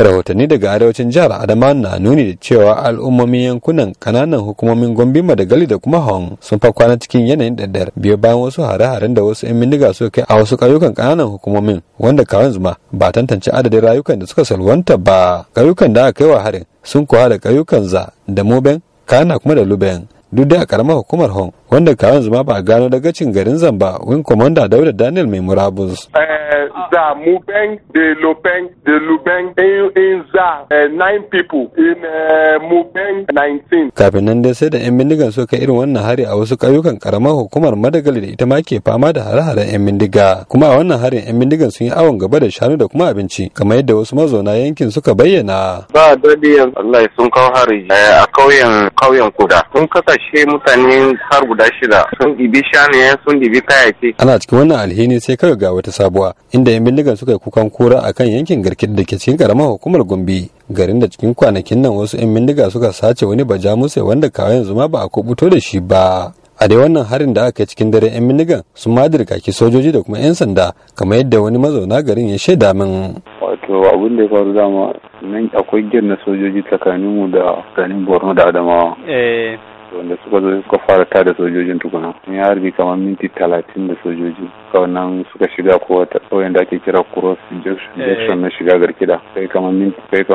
rahotanni daga arewacin jihar adama na nuni da cewa al'ummomin yankunan kananan hukumomin gombe madagali da kuma hong sun fa kwana cikin yanayin daddar biyo bayan wasu hare-haren da wasu 'yan bindiga suka kai a wasu ƙauyukan kananan hukumomin wanda kawai zuma ba tantance adadin rayukan da suka salwanta ba ƙauyukan da aka kai wa harin sun kuwa da ƙauyukan za da moben kana kuma da luben duk da a karamar hukumar hong wanda kawai zuma ba a gano dagacin garin zamba wing commander dauda daniel mai murabus eh, Mubeng, the Lopeng, the Lubeng, in, Za, eh, nine people, in eh, Mubeng, 19. Kafin nan dai sai da 'yan bindigan suka irin wannan hari a wasu ƙauyukan ƙaramar hukumar Madagali da ita ma ke fama da hare-haren 'yan bindiga. Kuma a wannan harin 'yan bindigan sun yi awon gaba da shanu da kuma abinci, kamar yadda wasu mazauna yankin suka bayyana. Ba dadi Allah sun kawo hari eh, a ƙauyen ƙauyen kuda. Sun kakashe mutane har guda shida. Sun ɗibi shanaye sun ibi kayaki. Ana cikin wannan alhini sai kawai ga wata sabuwa. inda yan bindigar suka yi kukan kura a kan yankin garkin da ke cikin karamar hukumar gombe garin da cikin kwanakin nan wasu yan bindiga suka sace wani ba musai wanda kawai yanzu ma ba a kubuto da shi ba a dai wannan harin da aka yi cikin dare yan bindigan sun madirkaki ki sojoji da kuma yan sanda kamar yadda wani mazauna garin ya shaida min wato abin da ya faru dama nan akwai gir na sojoji tsakaninmu da tsakanin borno da adamawa eh, wanda suka zo suka fara ta da sojojin tukuna sun yi harbi kamar minti talatin da sojoji nan suka shiga ko wata ƙauyen da ake kira cross injection eh. na shiga garkida kai kamar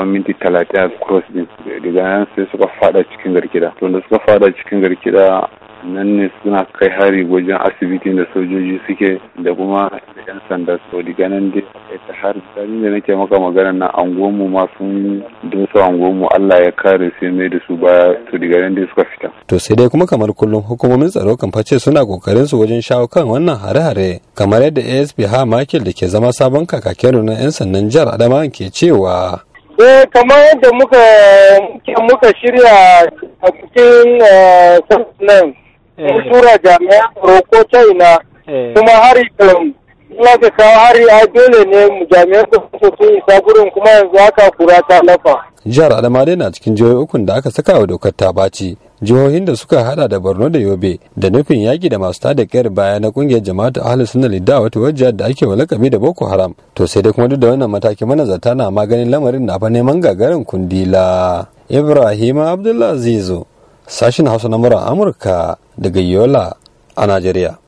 minti talatin a cross din daga nan sai suka fada cikin garkida to wanda suka fada cikin garkida nan ne suna kai hari wajen asibitin da sojoji suke da kuma yan sanda so ganin da dai ta har tsarin da nake maka magana na angonmu ma sun dusa angonmu Allah ya kare sai mai da su baya to diga nan dai suka fita. To sai dai kuma kamar kullum hukumomin tsaro kan face suna kokarin su wajen shawo kan wannan hare-hare kamar yadda ASP ha Michael da ke zama sabon kakakin na yan sandan jihar Adama ke cewa eh kamar yadda muka shirya a cikin eh, nan Eh. sun tura jami'an tsaro ko caina. Eh. kuma hari kan ka kawo hari a dole ne mu jami'an su sun isa gurin kuma yanzu haka kura ta lafa. jihar adama dai na cikin jihohi ukun da aka saka wa dokar ta baci jihohin da suka hada da borno da yobe da nufin yaki da masu tada kayar baya na kungiyar jama'atu ahlus sunna lidda wata wajja da ake walakami da boko haram to sai dai kuma duk da wannan mataki zata na maganin lamarin na fa neman gagarin kundila Ibrahim abdullah zizo Sashen hausa na mura amurka daga yola a najeriya